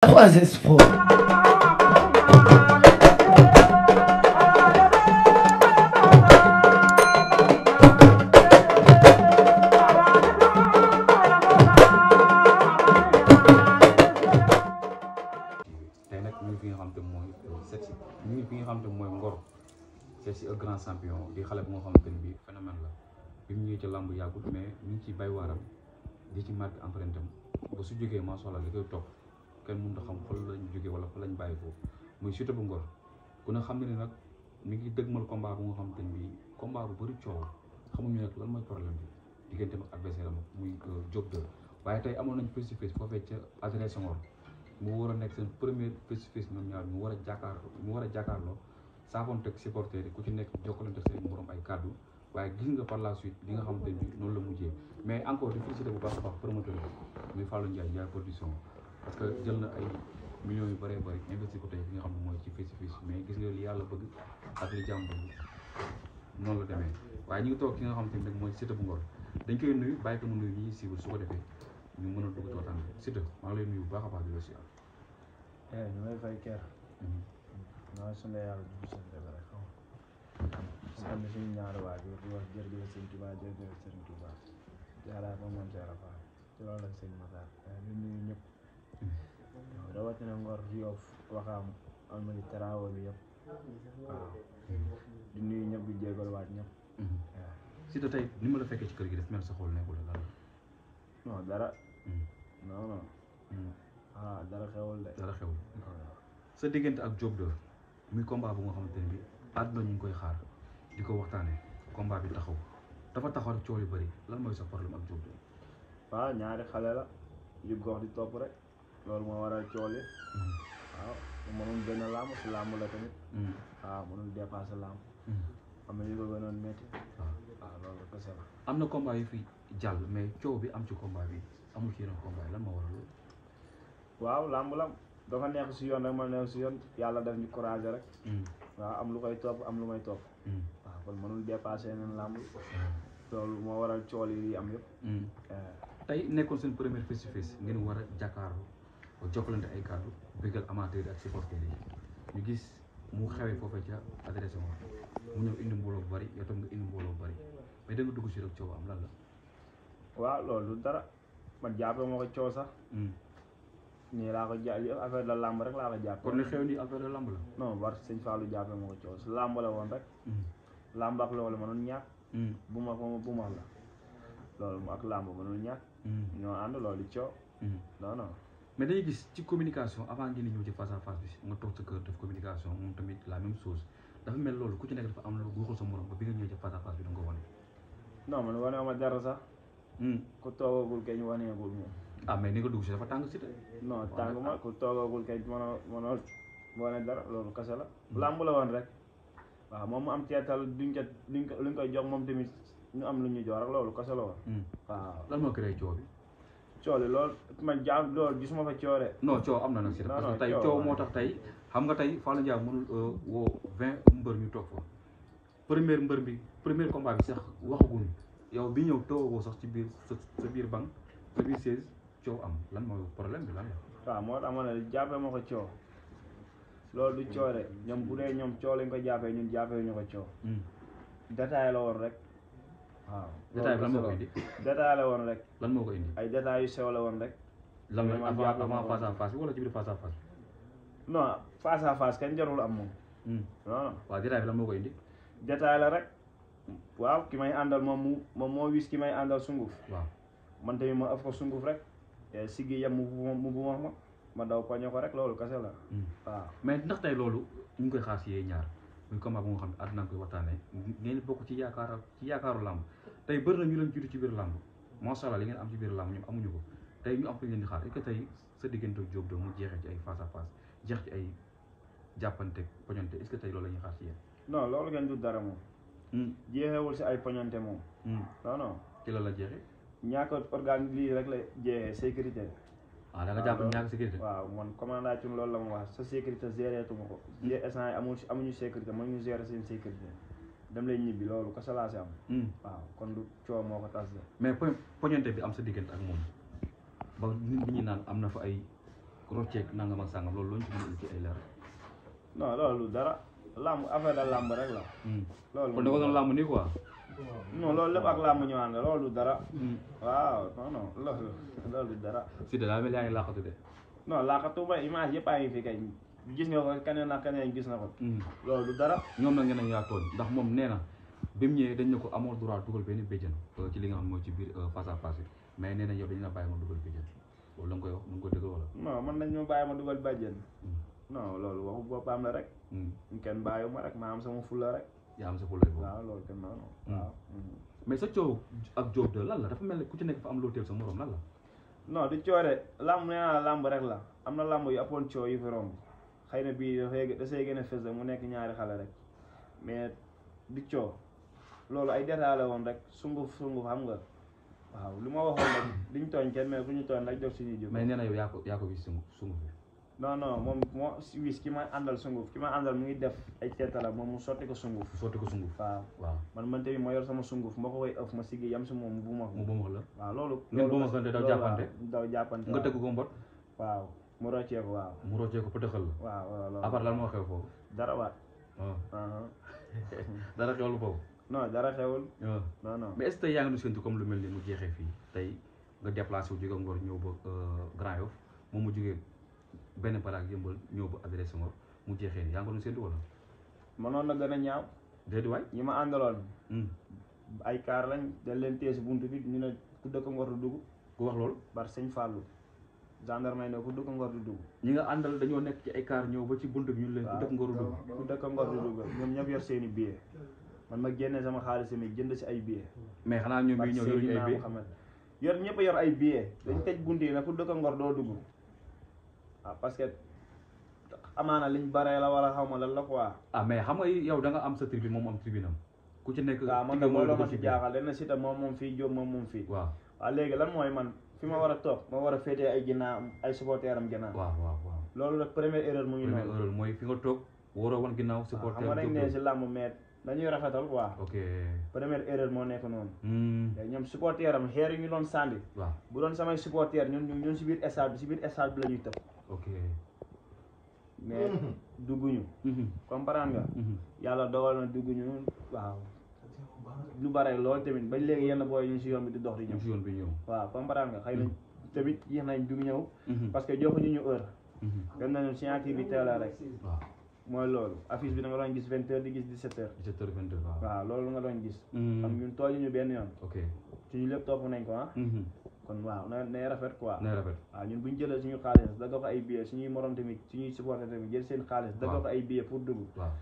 3S4. si un grand champion di xale bu nga xamante ne bii phénomène la bi ñu ñëwee ci làmb yàggut mais ñu ngi ci bay waaram di ci marqué empreinte am ba su jógee maa soxla li koy topp kenn mënut a xam fa lañ jóge wala fa lañ bàyyi ko muy Siteu bu Ngor ku ne nag mi ngi dëgmal combat bu nga xam ne bii combat bu bëri coow lan mooy problème bi diggante ak adversaire am muy euh, Diop waaye tey amoon nañ face to face foofee ca adresse mu war a nekk seen premier face to face ñaar mu war a jàkkaar mu war a jàkkaarloo saafoon teg supporter yi ku ci nekk jokkalante seen morom ay kàddu waaye gis nga par la suite li nga xamante ni noonu la mujjee mais encore di félicité bu baax a baax promoteur bi muy Fallou Ndiaye Ndiaye production parce que jël na ay millions yu bëree bëri investi ko tey fi nga xam ne mooy ci face face mais gis nga li yàlla bëgg ak li jàmm noonu la demee waaye ñu ngi toog ki nga xam te ne mooy Siteu bu Ngor dañ koy nuyu bàyyi ko mu nuyu ñi ñuy siiwal su ko defee ñu mën a dugg ci waxtaan bu baax a baax di la siyaar. Eh, ñu may fay kër. Mm-hmm. maa ngi yàlla moom Cheikh Rafa ci loolu la sëñ Matar ñu eh, rawatina Ngor Yoff nuyu ñëpp di jégal waat ñëpp mm-hmm. ma la fekkee ci kër gi def mel sa xool nekkul la dara non dara mm-hmm. non non mm-hmm. ah, ah diggante ak Diop 2 muy combat bu nga xamante ne bi àdduna ñu ngi koy xaar di ko waxtaane combat bi taxaw dafa taxaw rek coow yu bëri lan mooy sa problème ak Diop 2 waaw ah, ñaari xale la yu gox di topp rek loolu moo waral cool yi mm-hmm. waaw mënul benn làmb si làmb la tamit mm-hmm. waaw mënul dépassé mm-hmm. na ñu ko am na combat yu fi jàll mais coow bi am ci combat bi amul ci yeneen combat yi moo waral loolu waaw làmb la dafa si yoon rek ma si yoon yàlla daf ñu courage rek am lu koy topp am lu may topp waaw kon mënul dépassé yeneen làmb loolu moo waral cool yi am yëpp eh. tey nekkoon seen première face to face ngeen war a jàkkaarloo ba jokkalante ay kàddu bëggal amateur yi ak supporters yi ñu gis mu xewee foofee ca adressé woon mu ñëw indi mbooloo bu bëri yow tam nga indi mbooloo bu bëri mais la. waaw loolu hmm. laa ko lamb rek la. non war sëñ Fallou jàppee moo ko coow su lamb la woon rek. Hmm. lamb ak loolu mënoon ñàkk. Hmm. bu ma ko bu la. loolu ak lamb mënoon ñàkk. ñoo ànd loolu coow. non mais dañuy gis ci communication avant ngeen di ñëw ci face à face bi nga toog sa kër def communication moom tamit la même chose dafa mel loolu ku ci nekk dafa am lu waxul sa morom ba bi nga ñëw ci face à face bi da ko wane. non man wane ma dara sax. Hmm. ku toogagul kañ waneegul moom. ah mais ni nga dugg si dafa tàng si te. non tàng ma ku toogagul kañ mënoo mënoo wane dara loolu kese la. Hmm. làmb la woon rek. waaw moom mu am teetal duñ ko duñ ko luñ koy jox moom tamit ñu am lu ñuy jox rek loolu kese la woon. Hmm. waaw lan moo créé coow bi. coow la loolu man jaam loolu gisuma fa coow de. non coow am na nag si parce que tey coow moo tax tey xam nga tey Fallou Ndiaye mënul euh, woo vingt mbër toog fa mbër bi premier combat sax waxaguñu yow bi ñëw toogoo sax ci biir sa sa biir banque sa biir coow am lan mooy problème bi lan la. waaw moo tax ma ne jàppee ma ko coow loolu du coow bu dee ñoom coow lañ ko ñu ko coow. Hmm. rek. waaw jotaay bi lan moo la woon rek. lan moo ko indi. ay jotaay yu sew la woon rek. lan la avant avant face à face wala ci biir face am moom. Hmm. non waaw jotaay bi lan moo ko indi. jotaay la rek. waaw ki may àndal moom moom moo wis ki may àndal sunguf. waaw man tamit ma af sunguf rek. Eh, siggi yam mu bu mu ma ma daw poñe ko rek loolu kase la. Hmm. waaw mais ndax tey loolu ñu ngi koy xaar si yéen ñaar. muy combat bu nga xam ne àdduna koy waxtaanee ngeen bokk ci yaakaar ci yaakaaru làmb tey bëri na ñu leen jiitu ci biir làmb macha li ngeen am ci biir làmb ñoom amuñu ko tey ñu am ko ngeen di xaar est tey sa diggante Diop Dóor mu jeexee ci ay face à face jeex ci ay jàppante poñonte est-ce que tey loolu la ñuy xaar ci yéen. non loolu ngeen du dara moom. Hmm. jeexewul si ay poñante moom. Hmm. non non. ci la la jeexee. ñàkk organ lii rek la jeexee sécurité waaw ah, da nga jàpp ñàkk sécurité waaw man commanda ci loolu la ma wax sa sécurité géré tuma ko hmm. instant yi amuñu amuñu sécurité mën ñu gérer seen sécurité dem leen ñibbi loolu ko salaa si am hmm. waaw kon du coow moo ko tas de mais poñante bi am sa diggante ak moom ba nit ñi naan am na fa ay rocceek nangam ak sàngam loolu looñu ci mën ci ay leer non loolu dara làmb affaire da làmb rek la hmm. loolu kon da ko doon làmb nii quoi non loolu lépp ak làmb ñu ànd loolu du dara. Mm. waaw non loolu dara. si de daa mel de. non laaxatu ba image yëpp a ngi fi kañ gis nga ko keneen ak keneen gis na ko. Mm. loolu du dara. ñoom nag ngeen a yaa tooñ ndax moom nee na bi mu ñëwee dañ ne ko amoo droit dugal benn béjjën euh, ci li nga xam mooy ci biir euh, face à mais nee na yow dañu la bàyyi ma dugal béjjën loolu la nga koy wax nga koy dëgg wala. non man nañ ma bàyyi ma dugal béjjën mm. loolu waxu boppam la rek. kenn bàyyi ma rek maa am sama fulla rek yaa am sa ko boobu waaw loolu kenn noonu mais sa coow ak jot de lan la dafa mel ne ku ci nekk fa am loo teel sa morom lan la non du coore làmb nee làmb rek la am na làmb yu appoon coow yu fi romb xëy na bii dafay dasay gën a mu nekk ñaari xale rek mais di coow loolu ay détails woon rek sunguf sunguf xam nga waaw lu ma waxoon rek ñu tooñ kenn mais ku ñu tooñ rek jox suñuy jóg mais nee na yow yaa ko yaa ko gis sunguf sunguf non non moom moo wis ki may àndal sunguf ki may àndal mu ngi def ay ceetala moom mu sotti ko sunguf sotti ko sunguf waaw waaw man man tamit ma yor sama sunguf ma ko koy ëf ma siggi yam si moom mu bu ma mu la waaw loolu ngeen bomaxante daw jàppante daw jàppante nga tëgg ko mbot waaw mu roccee ko waaw mu roccee ko pëtëxal la waaw waaw loolu à part lan moo xew foofu dara waat ah. uh-huh. dara xewul foofu non dara xewul ah. non non mais est yaa ngi nu séntu comme lu mel ni mu jeexee fii tey nga déplacé wu jóge Ngor ñëw ba euh, Grand Yoff mu jógee benn baraag yëmbal ñëw ba adresse Senghor mu jeexee nii yaa ngi ko doon séntu wala. mënoon na gën a ñaaw. déedéet waay ñi ma àndaloon. Hmm. ay kaar lañ dañ leen téye si buntu bi ñu ne ku dëkk Ngor du dugg. ku wax loolu. bar sëñ Fallou. gendarme yi ne ku dëkk Ngor du dugg. ñi nga àndal dañoo nekk ci ay kaar ñëw ci buntu ñu leen. ku dëkk Ngor du dugg ku ñoom ñëpp yor seen i man ma génnee sama xaalis mi jënd si ay billet. mais xanaa ñoom ñuy ñëw yor ñu yor ñëpp yor ay billet dañ tëj buntu yi ne ku dëkk Ngor doo dugg ah parce que amaana liñ baree la wala xaw ma la la quoi. ah mais xam nga yow da nga am sa tribune moom am tribune am ku ci nekk. waaw ah, man de loolu ma si jaaxal lenn si tam moom moom fii Diop moom moom fii. waaw ah, léegi lan mooy man fi ma war a toog ma war a féetee ay ginnaaw ay supporter am ginnaaw. waaw waaw loolu nag première erreur mu ngi noonu. première mooy fi nga toog waroo woon ginnaaw. supporter am ah, xam nga dañ si làmb meet dañuy rafetal quoi. ok première erreur moo nekk noonu. Hmm. ñoom supporter am xeer yi ñu doon sànni. bu doon samay supporter ñun ñun si biir stade bi si biir stade la ñuy tëb ok mais dugguñu mhm. comprendre nga mhm. yàlla dogal na dugguñu waaw lu bare loolu tamit ba léegi yenn booy ñu si yoon bi di dox di ñëw bi ñëw waaw comprendre nga xëy na mhm. tamit yéex nañ du ñëw parce que joxuñu ñu heure dem nañu signature bi teel rek mooy loolu affiche bi da nga doon gis vingt di gis di sept heures dix sept waaw loolu nga doon gis xam ñun tooñu ñu benn yoon ok suñu lépp topp nañ ko ah kon waaw na nay rafet quoi nay ñun bu ñu jëlee suñu xaalis daga ko ay billets suñuy morom tamit suñuy supporter tamit jël seen xaalis daga ko ay billets pour dugg waaw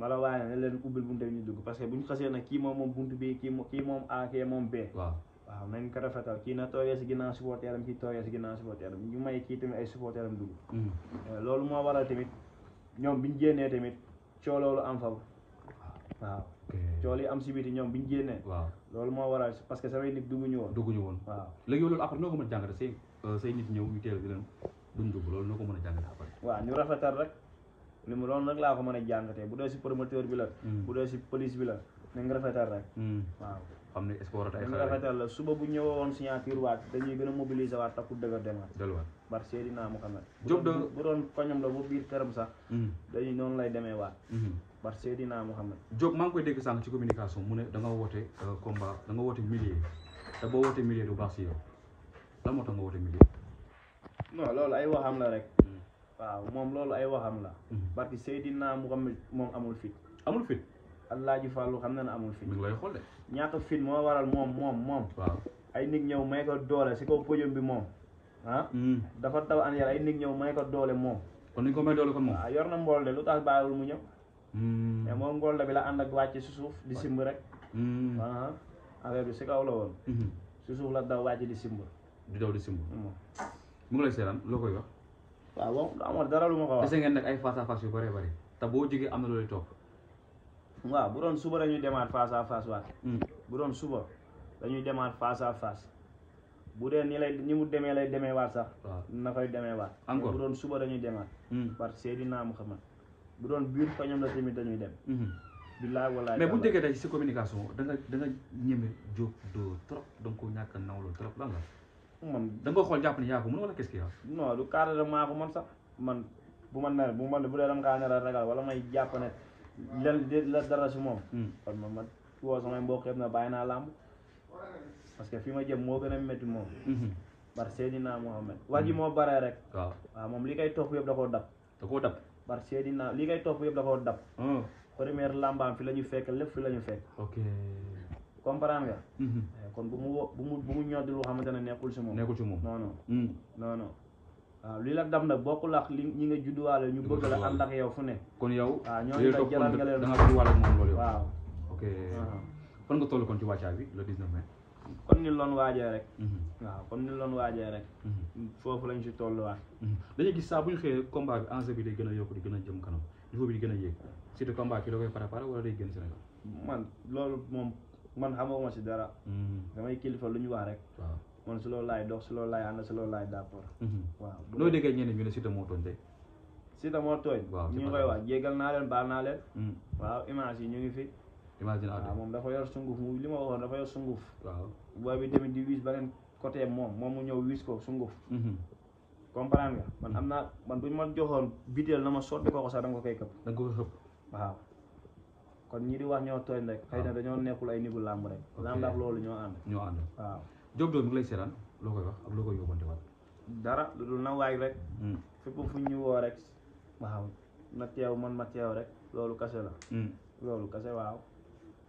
wala waaye ne leen ubbil bunte ñu dugg parce que bu ñu xasee nag kii moom moom buntu bi kii kii moom A kii moom B waaw waaw nañ ko rafetal kii na tooyee si ginnaaw supporteram kii tooyee si a supporteram ñu may kii tamit ay supporteram dugg mm. eh, loolu moo waral tamit ñoom biñu génnee tamit coo loolu am fa waaw cool yi am si biti ñoom bi ñu génnee waaw loolu moo waral parce que samay nit dugguñu woon woon waaw léegi yow loolu après noo ko mën a jàngate say euh, say nit ñëw ñu teel di leen duñ dugg loolu noo ko mën a mu a jàngatee bu dee hmm. bu dee si police bi la nañ rafetal rek hmm. xam ne a bu doon koñom la bu biir këram sax hmm. dañuy noonu lay demee waat bar Seydina naa Diop maa ngi koy dégg sànq ci communication mu ne da nga woote euh, combat da nga woote millier te boo woote millier du baax si loolu ay waxam la rek hmm. moom loolu ay waxam la hmm. barki Seydina Mouhamed moom amul fit amul fit Alaaji Fàllu xam na ne amul fit mi ngi lay xool moo waral moom ay nit ñëw may ko doole si kaw podium bi moom ah hmm. dafa taw an yar ay nit ñëw may ko doole moom kon ni ko may doole kon moom yor na mbool de lu tax bàyyiwul mu ñëw Hmm. mais moom ngolda bi la ànd ak wàcc si suuf di simb rek hmm. aa ah, bi si kaw la woon hmm. si suuf la daw wàcc di simb di daw di simb mu ngi lay seetaan loo koy wax waaw moom amoon ay face te boo jógee am na loolu topp bu doon suba dañuy demaat face à face bu doon suba dañuy demaat face à face bu dee ni lay ni mu demee lay demee waat sax na koy demee waat encore bu doon suba dañuy demaat par Seydina Muhammad bu doon biir fa ñoom la tamit dañuy dem. Mhm. bilaay walaay mais bu ñu déggee si communication da nga da nga ñeme trop da koo ñàkk a nawloo trop lan la. man da xool jàpp ne yaa ko mën wala qu'est-ce qu'il y a. non maa ko man sax man bu ma nar bu ma bu dee dama kaa nar a ragal wala may jàpp ne lenn la dara si moom. Mhm. kon man man woo samay mbokk yëpp na bàyyi naa làmb parce que fi ma jëm moo gën a métti moom. Mhm. bar Seydina Mohamed. wax ji rek. waaw waaw moom li koy topp yëpp par Seydina li ngay topp yëpp da koo dab. Hmm. première làmbaam fi la ñu fekk lépp fi la ñu fekk. ok comprendre nga. Mhm. Eh, kon bu mu bu mu bu mu lu xamante ne nekkul si moom. nekkul si moom noonu non. Hmm. non non waaw li la dab nag bokkul ak li ñi nga judduwaale ñu bëgg la ànd ak yow fu ne. kon yow. waaw ah, ñooñu la jaral nga leen da nga judduwaale moom loolu yow. waaw ok. Ah. fan nga toll kon ci wàccaay bi le 19 mai. kon ni loon waajee rek mhm. waaw kon ni loon waajee rek mhm. foofu lañ si tolluwaat mhm. dañuy gis saa bu ñu xëyee combat bi enjeu bi day gën a yokku di gën a jëm kanam niveau bi di gën a yéeg surtout combat man loolu moom si dara damay kilifa lu ñu wax rek waaw man si loolu laay dox si loolu si loolu laay d'accord waaw noo déggee ñeneen ñu ne Siteu moo tooñ tey Siteu moo tooñ ñu ngi koy wax naa leen baal naa leen waaw image yi ñu ngi fi imaginateur ah, moom dafa yor sunguf mu li ma waxoon dafa yor sunguf waaw booy bi tamit di ba beneen côté moom moom mu ñëw wis ko sunguf mm-hmm. comprendre nga man am naa man bu ñu ma joxoon biteel na ma sotti ko ko sax danga ko koy këpp danga ko koy këpp waaw kon ñi wax ñoo tooñ rek ah. xëy na dañoo nekkul ay nigu làmb rek làmb ak loolu ñoo ànd ñoo ànd waaw koy wax ak loo koy dara lu dul na waay rek mm. fépp fu ñu woo rek waaw na teew man ma teew rek loolu kase la mm. loolu kase waaw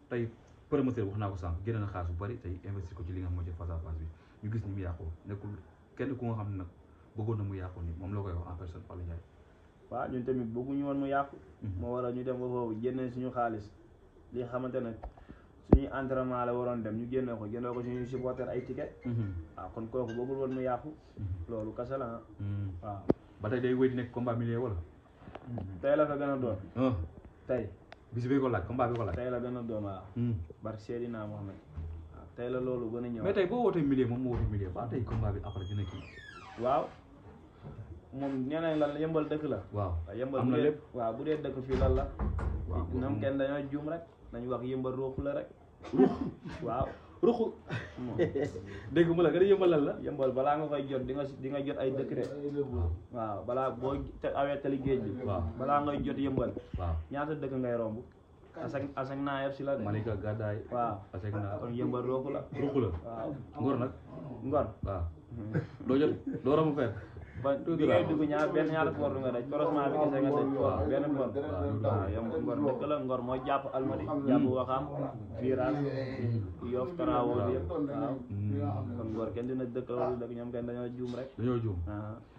tey promoteur wax naa ko sànq génne na xaalis bu bari tey investir ko ci li nga xam face à face bi ñu gis ni mu yàqoo nekkul kenn ku nga xam ne nag bëggoon na mu yàqu ni moom la koy wax en personne Fallou Ndiaye waaw ñun tamit bëgguñu woon mu yàqu mhm. moo waral ñu dem ba foofu génne suñu xaalis li xamante ne suñuy entraînement la waroon dem ñu génne ko génne ko suñuy supporter ay ticket mhm. waaw kon kooku bëggul woon mu yàqu mhm. loolu kese la ah. waaw ba tey day wéy di nekk combat milieu wala tey la fa gën a doon ah. tey bis bi ko laaj combat bi ko laaj. tey la gën a doon waaw. Hmm. bari Seydina Mohamed. waaw tey la loolu gën na ñëw. mais tey boo wootee millier moom moo woote millier ba tey combat bi après dina kii. waaw moom nee nañ lan dëkk la. waaw am na lépp waaw bu dee dëkk fii lan la. waaw ñoom kenn a juum rek dañu wax yëmbal ruux la rek. waaw ruxu dégg mu la gën a la yëmbal balaa nga koy jot di nga di nga jot ay décret waaw balaa boo awee tali géej bi waaw balaa ngay jot yëmbal waaw ñaata dëkk ngay romb asek asek naa yëpp si la Malika Gadaay waaw asek naa kon yëmbal la ruxu la waaw ngor nag ngor waaw doo jot doo romb fekk ba bi ngay dugg ñaar benn ñaar porte nga daj croisement bi kese nga daj benn porte waaw yow ngor dëkk la ngor jàpp almadi jàpp hmm. waxam virage yoof karaawoo bi yëpp hmm. waaw kon ngor kenn dina dëkk loolu dëkk ñoom kenn dañoo juum rek dañoo juum ah.